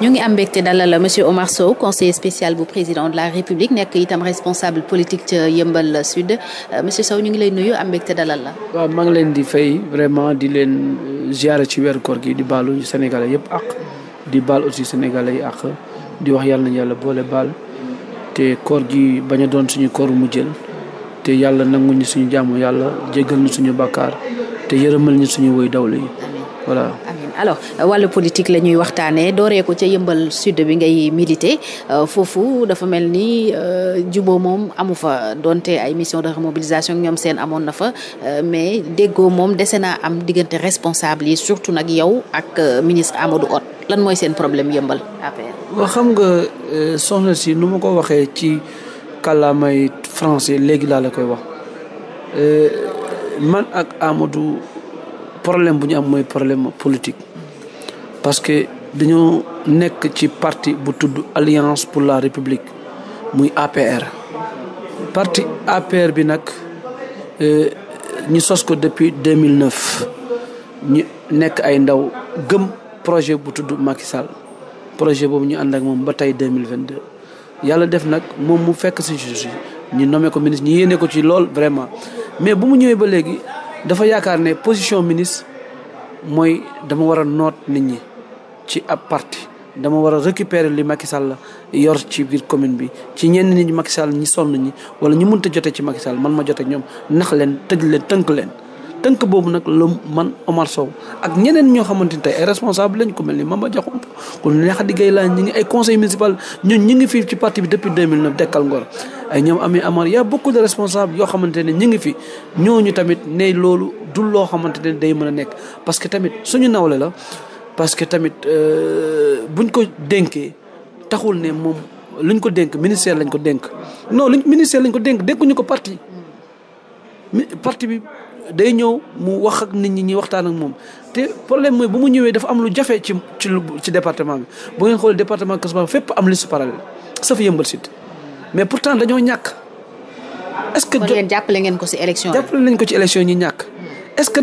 ñu ngi am mbégte dalal la monsieur Omar Sow conseiller spécial bu président de la république nekk itam responsable politique ca Yeumbeul Sud euh, monsieur Sow ñu ngi lay nuyu am mbégte dalal la. waaw maa ngi leen di fay vraiment di leen euh, ziare ci weer koor gi di baalu Sénégalais yëpp ak di baal aussi Sénégalais yi ak di wax yàlla nañu yàlla boole bal te koor gi bañ doon suñu koor mu jël te yàlla nangu ñu suñu jàmm yàlla jéggal ñu suñu bakkaar te yërëmal ñu suñu woy dawle yi alors wàllu politique la ñuy waxtaanee dooree ko ca yëmbal sud bi ngay militer euh, foofu dafa mel ni euh, jubo moom amu fa donte ay mission de remobilisation ñoom seen amoon na fa euh, mais déggo moom dese naa am diggante responsable yi surtout nag yow ak ministre Amadou ot lan mooy seen problème yëmbal après. xam nga soxna si nu ma ko waxee ci kàllaamay français léegi laa la koy wax man ak Amadou. problème bu ñu am mooy problème politique parce que dañoo nekk ci parti bu tudd alliance pour la république muy APR parti APR bi nag euh, ñu sos ko depuis 2009 ñu nekk ay ndaw gëm projet bu tudd Macky Sall projet boobu ñu ànd ak moom ba tey 2022 yàlla def nag moom mu fekk si juge ñu nommé ko ministre ñi yéene ko ci lool vraiment mais bu mu ñëwee ba léegi dafa yaakaar ne position ministre mooy dama war a noot nit ñi ci ab parti dama war a récupérer li Macky la yor ci biir commune bi ci ñenn nit ñi Macky Sall ñi sonn ñi wala ñu mënta jotee ci Macky Sall man ma jote ñoom nax leen tëj leen tënk leen. tënk boobu nag la man Omar Sow ak ñeneen ñoo xamante ni tey ay responsable lañ ku mel ni Mamba Diakhoumpa ku mel ni Khady Gaye Lani ñi ngi ay conseil municipal ñun ñi ngi fii ci parti ñooñu tamit ne loolu du loo xamante ne day mën a nekk parce que tamit suñu nawle la parce que tamit euh, buñ ko dénkee taxul ne moom luñ ko dénk ministère lañ ko dénk non ko dénk ko parti parti bi day ñëw mu wax ak nit ñi ñuy waxtaan ak moom te problème mooy bu mu ñëwee dafa am lu jafe ci ci ci département bi bu ngeen xoolee département Casamance fépp am liste parallèle sauf Yeumbeul Sud mais pourtant dañoo ñàkk. est-ce que kon jàppale ngeen ko ci élection jàppale nañ ko ci élection ñi ñàkk. est-ce que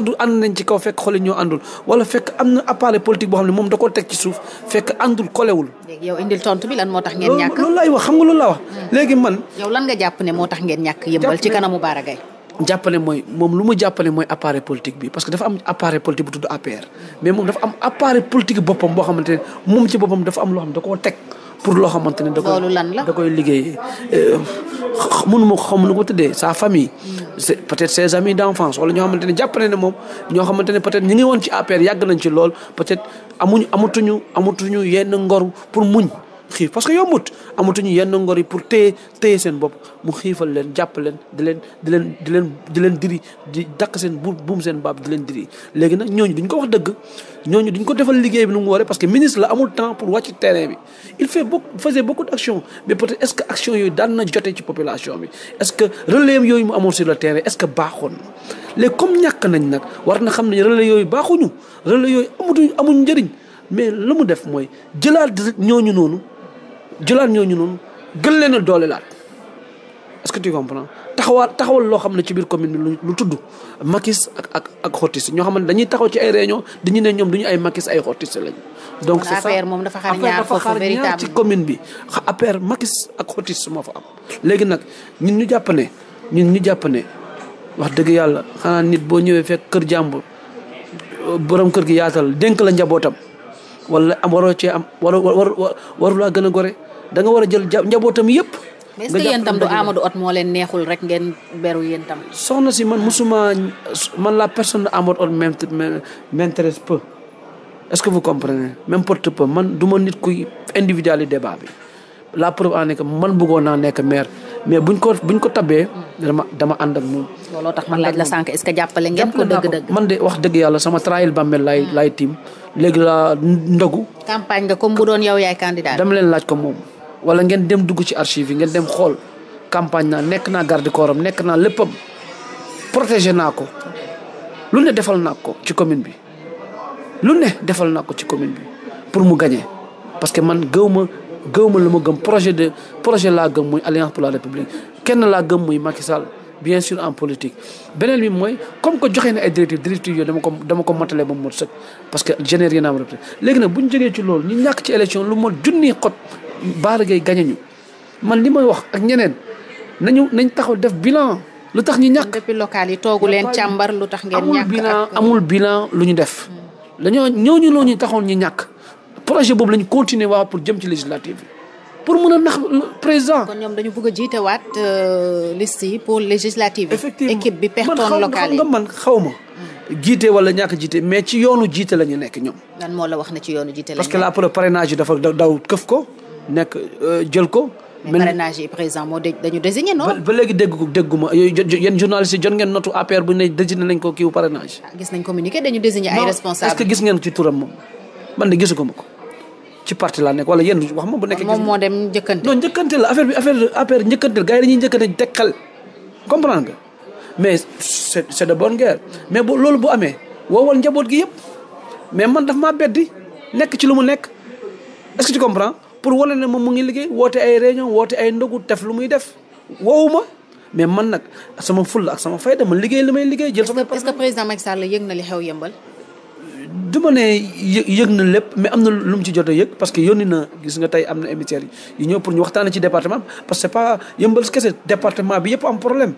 du ànd nañ ci kaw fekk xol yi ñoo àndul fekk am na appareil politique boo xam ne moom da koo teg ci suuf fekk àndul kolewul. yow indil tontu moo tax ngeen. ñàkk loolu laay wax xam nga loolu laa wax. Hmm. léegi man. lan nga jàpp ne tax ngeen ñàkk yëmbal ci kanamu Bara Gaye jàppale mooy moom lu mu jàppale mooy appareil politique bi parce que dafa am appareil politique bu tudd APR mais moom dafa am appareil politique boppam boo xamante ne moom ci boppam dafa am loo xam da koo loo xamante ne da koy da koy liggéey euh, mënu xam lu ko tëddee sa famille peut-être ses amis d'enfance wala ñoo xamante ne jàppale ne moom ñoo xamante ne peut-être ñu ngi woon ci APR yàgg nañ ci lool peut-être amuñu amatuñu yenn ngor pour muñ xiif parce que yombut amatuñu yenn ngor yi pour téye téye seen bopp mu xiifal leen jàpp leen di leen di leen di leen di leen diri di dakk seen bu buum seen baab di leen diri léegi nag ñooñu duñ ko wax dëgg ñooñu duñ ko defal liggéey bi nu mu waree parce que ministre la amul temps pour wàcc terrain bi il fait beaucoup faisait beaucoup d'actions mais peut-être est-ce que action yooyu daan na jotee ci population bi est-ce que relais yooyu mu amoon sur le terrain est-ce que baaxoon léegi comme ñàkk nañ nag war na xam ne relais yooyu baaxuñu relais yooyu amatuñ amuñ njëriñ mais la mu def mooy jëlaat ñooñu noonu jëlaat ñooñu noonu gën leen a doole laat est-ce que tu comprends taxawaat taxawal loo xam ne ci biir commune bi lu tudd makis ak ak ak xottis ñoo xam ne dañuy taxaw ci ay réunion dañuy ne ñoom duñu ay makis ay xottis lañu. donc c'est moom dafa xaar ñaar foofu véritable ci commune bi xa affaire makis ak xottis moo fa am. léegi nag ñun ñu jàpp ñun ñu jàpp wax dëgg yàlla xanaa nit boo ñëwee fekk kër jàmbur borom kër gi yaatal dénk la njabootam wala am waroo cee am waroo war warulaa gën a gore. da nga war a jël njabootam yëpp. nga est-ce que yéen tam du Amadou moo leen neexul rek ngeen beru yéen tam. soxna si man musuma man laa personne de Amadou Hott m'intéresse peu est-ce que vous comprenez m'importe peu man du ma nit kuy individualiser débat bi la preuve en est man bëggoon naa nekk maire mais buñ ko buñ ko tabee. dama dama ànd ak moom. tax man laaj la sànq est-ce que jàppale ngeen ko man de wax dëgg yàlla sama trail bàmmeel laay hmm. laay tiim léegi laa ndogu. campagne nga comme bu doon yow yaay candidat. dama leen laaj ko moom. wala ngeen dem dugg ci archive yi ngeen dem xool campagne naa nekk naa garde corps am nekk naa léppam protégé naa ko lu ne defal naa ko ci commune bi lu ne defal naa ko ci commune bi pour mu gagner parce que man gëw ma gëw lu mu gëm projet de projet laa gëm muy alliance pour la république kenn laa gëm muy Macky Sall bien sûr en politique beneen bi mooy comme que joxe na ay directives directives yooyu dama ko dama ko motalee ba mu mot sëkk parce que génère yéen a am léegi nag bu ñu jógee ci loolu ñu ñàkk ci élection lu mot junni xot Balla Gaye gañe ñu man li may wax ak ñeneen nañu nañ taxaw def bilan lu tax ñu ñàkk. depuis local yi toogu leen càmbar lu tax ngeen. ñàkk amul bilan amul lu ñu def. dañoo ñooñu loo ñu taxoon ñu ñàkk projet boobu lañ continuer waa pour jëm ci législative bi pour mën a nax président. kon ñoom dañu bëgg a jiitewaat euh, liste yi pour législative. effectivement équipe bi pertoon local yi man xaw ma jiite wala ñàkk jiite mais ci yoonu jiite la ñu nekk ñoom. lan moo wax na ci yoonu jiite la parce que la preuve parrainage dafa daw këf ko. nekk euh, jël ko. mais parrainage yi président moo dañu désigné noonu. ba léegi dégg dégguma yéen journaliste yi jot ngeen notu APR bu ne désigné nañ ko kii parrainage. Ah, gis nañ communiqué dañu désigné ay responsables. est-ce que gis ngeen ci turam moom man de gisuguma ko ci parti laa nekk wala yéen wax ma bu nekkee. moom moo dem njëkkante. non njëkkante la affaire bi affaire APR njëkkante la gars yi dañuy njëkkante teg xel comprendre nga mais c'est c'est de bonne guerre mais bu loolu bu amee woowal njaboot gi yëpp mais man daf maa beddi nekk ci lu mu nekk est-ce que tu comprends. pour wane ne moom mu ngi liggéey woote ay réunion woote ay ndogu def lu muy def woowu ma mais man nag sama ful ak sama fayda man liggéey lu may liggéey jël sama. est-ce que président Macky Sall yëg na li xew yëmbal. du ma ne yë na lépp mais am na lu mu ci jot a parce que yónni na gis nga tey am na émissaires yi ñëw pour ñu waxtaanee ci département parce que c'est pas yëmbal kese département bi yëpp am problème.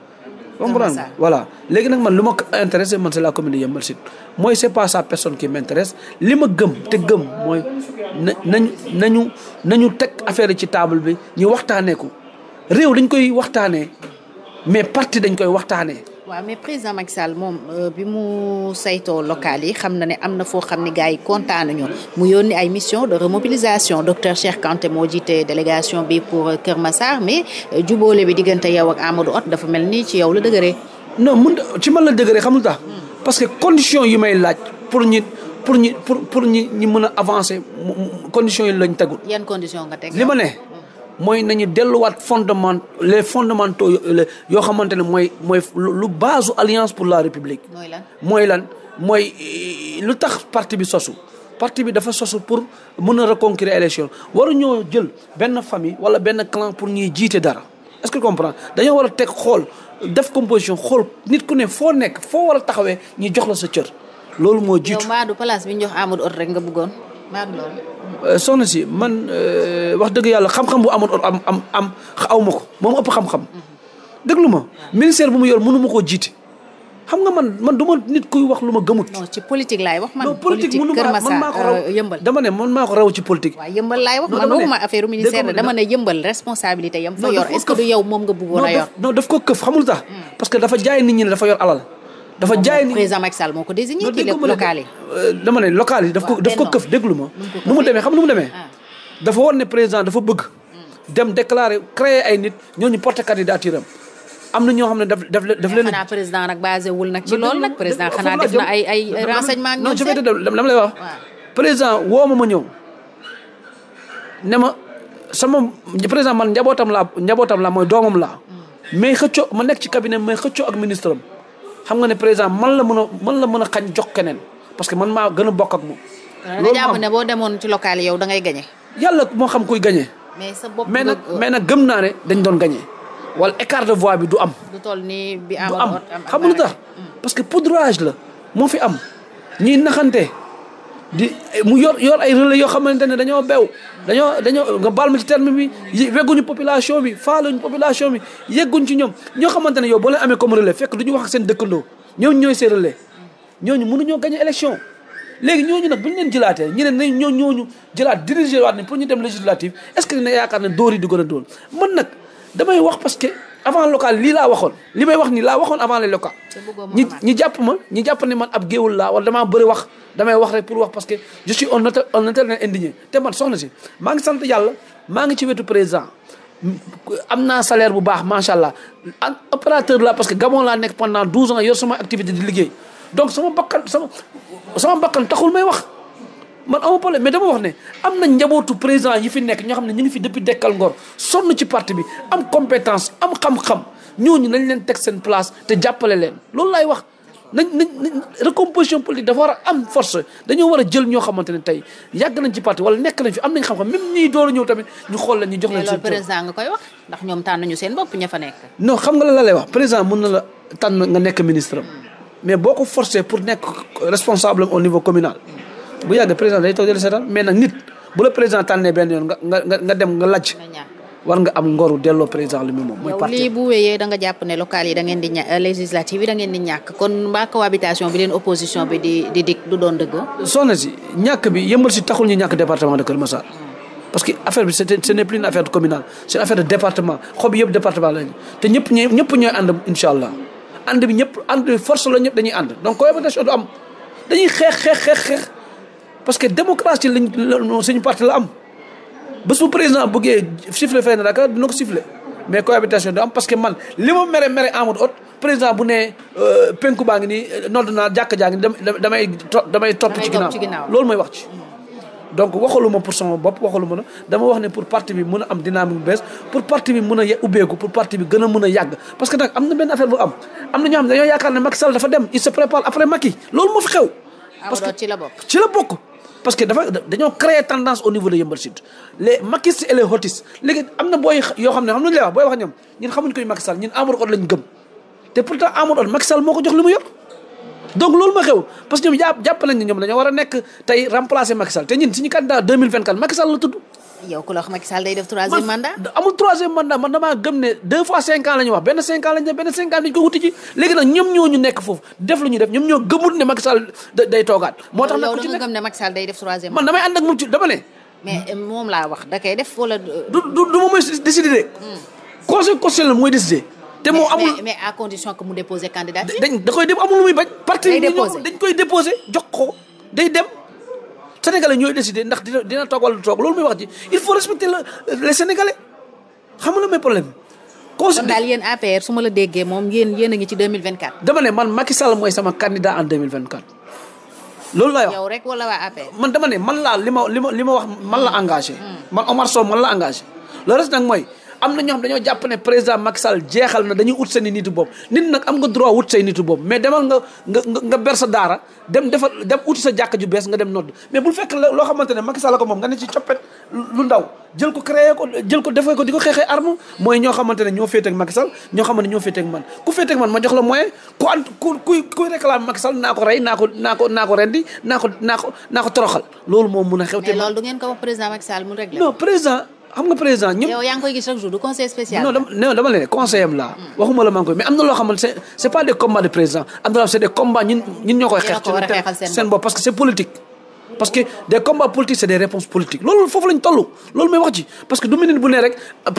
comprendre voilà léegi nag man lu ma intéressé man c'est la commune de Yeumbeul Sud mooy c'est pas sa personne qui m'intéresse ma gëm te gëm mooy na nañu nañu nañu teg affaire ci table bi ñu waxtaanee ko réew dañ koy waxtaanee mais parti dañ koy waxtaanee waaw mais président Macky Sall moom euh, bi mu saytoo local yi xam na ne am na foo xam ne gars yi kontaanuñu mu yónni ay mission de remobilisation docteur Cheikh Kanté moo jiite délégation bi pour Kër ma Massar mais euh, juboole bi diggante yow ak Amadou Hott dafa mel nii ci yow la dëgëree. non mun ci man la dëgëree xam lu tax. parce que condition yi may laaj pour ñi pour ñi pour pour ñi ñi mën a avancer condition yi lañ tegul. yenn condition nga teg li ma mooy nañu delluwaat fondement les fondamentaux yoo xamante ne mooy mooy lu base alliance pour la république. mooy lan mooy lan mooy lu tax parti bi sosu. parti bi dafa sosu pour mun a reconquérir élection waruñoo jël benn famille wala benn clan pour ñuy jiite dara est-ce que comprends dañoo war a teg xool def composition xool nit ku ne foo nekk foo war a taxawee ñu jox la sa cër loolu moo jiitu. yow Madou place bi ñu jox Amadou rek nga bëggoon Madou Euh, soxna si man euh, wax dëgg yàlla xam-xam bu amoon am am am aw ma ko moom ëpp xam-xam. Mm-hmm. déglu ma ministère bu mu yor mënu ma koo jiite. xam nga man man nit kuy wax lu ma gëmut. ci politique laay wax man. politique Kër Massar euh, yëmbal dama ne man maa ko raw ci politique. waaw yëmbal laay wax man waxuma ministère dama ne yëmbal responsabilité yam fa yor est que du yow moom nga bëggoon a yor. non daf ko këf xamul tax. Mm. parce que dafa jaay nit ñi ne dafa yor alal. dafa jaay ni président Macky Sall moo ko désigné. kii local yi euh, dama ne local yi daf ko daf ko këf déglu ma. nu mu demee xam ah. nu mu demee. dafa woon ne président dafa bëgg. Hmm. dem déclarer créer ay nit ñooñu porter candidature am. am na ñoo xam ne daf daf daf leen. xanaa président nag basé wul nag ci loolu nag. président xanaa def na ay ay renseignements. non je vais te dama lay wax. président woo ma ma ñëw ne ma sama président man njabootam la njabootam laa mooy doomam la hmm. mais xëccoo ma nekk ci cabinet mais xëccoo ak ministre am. xam nga ne président man la mën a man la mën a xañ jox keneen parce que man maa gën a bokk ak moom. Ah, loolu jàpp demoon ci local yow da ngay gagné. yàlla moo xam koy gagné. mais sa bopp mais nag mais nag gëm naa ne dañ doon gagné. wala écart de voix bi du am. du toll nii bi am am xam nga tax mm. parce que poudrage la moo fi am ñiy naxante. di mu yor yor ay relais yoo xamante ne dañoo bew dañoo dañoo nga baal ma ci terme bi wegguñu population bi faaluñu population bi yegguñ ci ñoom ñoo xamante ne yow boo leen amee comme relais fekk du ñu wax ak seen dëkkandoo ñoom ñooy seen relais ñooñu mënuñoo gagné élection léegi ñooñu nag bu ñu leen jëlaatee ñu ne nañ ñoo ñooñu jëlaat diriger waat ne pour ñu dem législative est-ce que ne yaakaar ne dóor yi di gën a dóor man nag damay wax parce que avant local lii laa waxoon li may wax ni laa waxoon avant les local ñi ñi jàpp ma ñi jàpp ne man ab géewul laa wala damaa bëri wax damay wax rek pour wax parce que je suis un un internet indigné te man soxna si maa ngi sant yàlla maa ngi ci wetu président am na salaire bu baax macha allah ak opérateur la parce que Gabon laa nekk pendant 12 ans yor sama activité di liggéey donc sama bakkan sama sama bakkan taxul may wax man amoo problème mais dama wax ne am na njabootu président yi fi nekk ñoo xam ne ñu ngi fi depuis dekkal ngor sonn ci parti bi am compétence am xam-xam ñooñu nañ leen teg seen place te jàppale leen loolu laay wax nañ nañ recomposition politique dafa war a am force dañoo war a jël ñoo xamante ne tey yàgg nañ ci parti wala nekk nañ fi am nañ xam-xam même ñiy door ñëw tamit ñu xool leen ñu jox leen. seen président nga koy wax ndax ñoom tànn nañu seen bopp ña fa nekk. non xam nga la lay wax président mën na la tànn nga nekk ministre am mais boo ko forcé pour nekk responsable au niveau communal. bu yàgg président day toog di la seetaan mais nit bu la président tànnee benn yoon nga dem nga lajj. war nga am ngoru delloo président li mu moom. mooy parti bu wéyee da jàpp ne local euh, yi da ngeen di ñàkk kon mbaa cohabitation bi leen opposition bi di di du doon dëgg. soxna si ñàkk bi yëmbal si taxul ñu ñàkk département de Kër Massar. parce que affaire bi c' ce plus une affaire communale c' affaire de département xob yëpp département parce que démocratie lañ suñu parti la am ba su président bëggee siffler fenn Dakar dina ko siffler mais cohabitation du am parce que man li ma mere mere amut ot président bu ne euh, penku baa ngi nii euh, nodd naa jàkka jaa ngi damay damay topp ci ginnaaw loolu mooy wax ci donc waxaluma pour sama bopp waxaluma na dama wax ne pour parti bi mën a am dynamique bu bees pour parti bi mën a ubbeeku pour parti bi gën a mën a yàgg parce que nag am na benn affaire bu am am na ñoo xam ne dañoo yaakaar ne Macky Sall dafa dem il se prépare après Macky ah, bokk parce que dafa dañoo créer tendance au niveau de Yeumbeul Sud les maquistes et les hotistes léegi am na booy yoo ne xam nañu lay booy wax ñoom ñun xamuñ koy Macky Sall ñun Amadou Hott lañ gëm te pourtant Amadou Hott Macky Sall moo ko jox li mu yor donc loolu ma xew parce que ñoom jàpp jàpp nañ ne ñoom dañoo war a nekk tey remplacer Macky Sall te ñun suñu candidat 2024 Macky Sall la tudd yow ku la wax Macky day def troisième mandat. amul troisième mandat man damaa gëm ne deux fois cinq ans wax benn cinq ans day toogaat. moo tax nag ku ci ne man damay ànd ak moom ci dama ne. Euh, euh, du du mooy décider de. Hmm. conseil constitutionnel mooy décider. te moo amul dañ da koy dem amul muy bañ. day déposer dañ koy déposer jox ko day dem sénégalais ñooy décider ndax dina dina toog wala du toog loolu muy wax ji il faut respecter les sénégalais xam nga may problème considé daal yéen APR su ma la déggee moom yéen yéen a ngi ci 2024. dama ne man Macky Sall mooy sama candidat en 2024. loolu lay wax yow rek wala waa APR. man dama ne man laa li ma li ma wax man la engagé. Hmm. man Omar Sow man la engagé le reste nag mooy. am na ñoo xam dañoo jàpp ne président Macky Sall jeexal na dañuy ut seen i nitu bopp nit nag am nga droit wut say nitu bopp mais demal nga nga daara dem defal dem uti sa jàkka ju bees nga dem nodd mais bul fekk loo xamante ne Macky Sall ko moom nga ne ko créé ko di ko xeexee mooy ñoo xamante ne ñoo féete ak Macky Sall ñoo xamante ne ñoo ku féete ak ma jox la moyen ku ant ku naa ko rey naa ko naa ko naa ko rendi naa ko naa ko naa ko loolu moom mun a xew te loolu du ngeen ko wax président Macky Sall mu réglé xam nga président ñëpp. yow yaa ngi koy gis chaque jour du conseil spécial. non non dama leen conseil am laa. Hmm. waxuma la maa ngi koy mais am na loo xamante c'est c'est pas des combats de président am na loo xam c'est des combats ñun ñun ñoo koy. xeex ci seen bopp parce que c'est politique. parce que des combats politiques c'est des réponses politiques loolu foofu lañ toll loolu mooy wax ci parce que du minute bu ne rek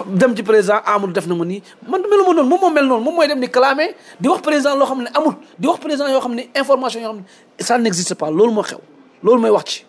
dem ci président amul def na ma nii man melu ma noonu moom moo mel noonu moom mooy dem di clamer di wax président loo xam ne amul di wax président yoo xam ne information yoo xam ne ça n'existe pas loolu moo xew loolu mooy wax ci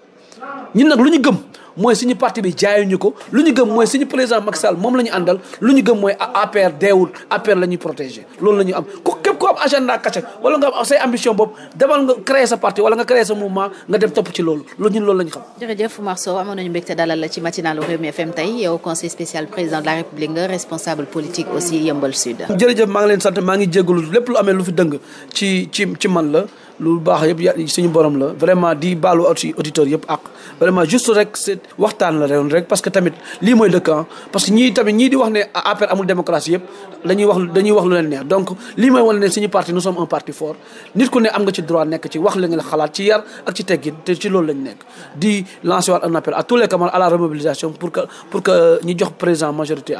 ñun nag lu ñu gëm mooy suñu parti bi jaayuñu ko lu ñu gëm mooy suñu président Macky Sall moom la àndal lu ñu gëm mooy APR deewul APR la ñuy protégé loolu la ñu am képp ko am agenda caché wala nga am say ambition boobu demal nga créer sa parti wala nga créer sa mouvement nga dem topp ci loolu loolu ñun loolu la ñu xam. jërëjëf Oumar Sow amoon nañu mbégte dalal la ci matinalu Rewmi FM tey yow conseil spécial président de la République nga responsable politique aussi Yeumbeul Sud. jërëjëf maa ngi leen sant maa ngi jégalu lépp lu amee lu fi man la. lu baax yëpp ya suñu borom la vraiment di baalu aussi auditeurs yëpp ak vraiment juste rek waxtaan la rewoon rek parce que tamit lii mooy dëkk ah. parce que ñii tamit ñii di wax ne APR amul démocratie yëpp dañuy wax wax lu leen neex donc lii mooy wane ne suñu parti nous sommes un parti fort nit ku ne am nga ci droit nekk ci wax li nga xalaat ci yar ak ci teggin te ci loolu lañ nekk di lancer waat un appel à tous les camarades à la remobilisation pour que pour que ñu jox président majorité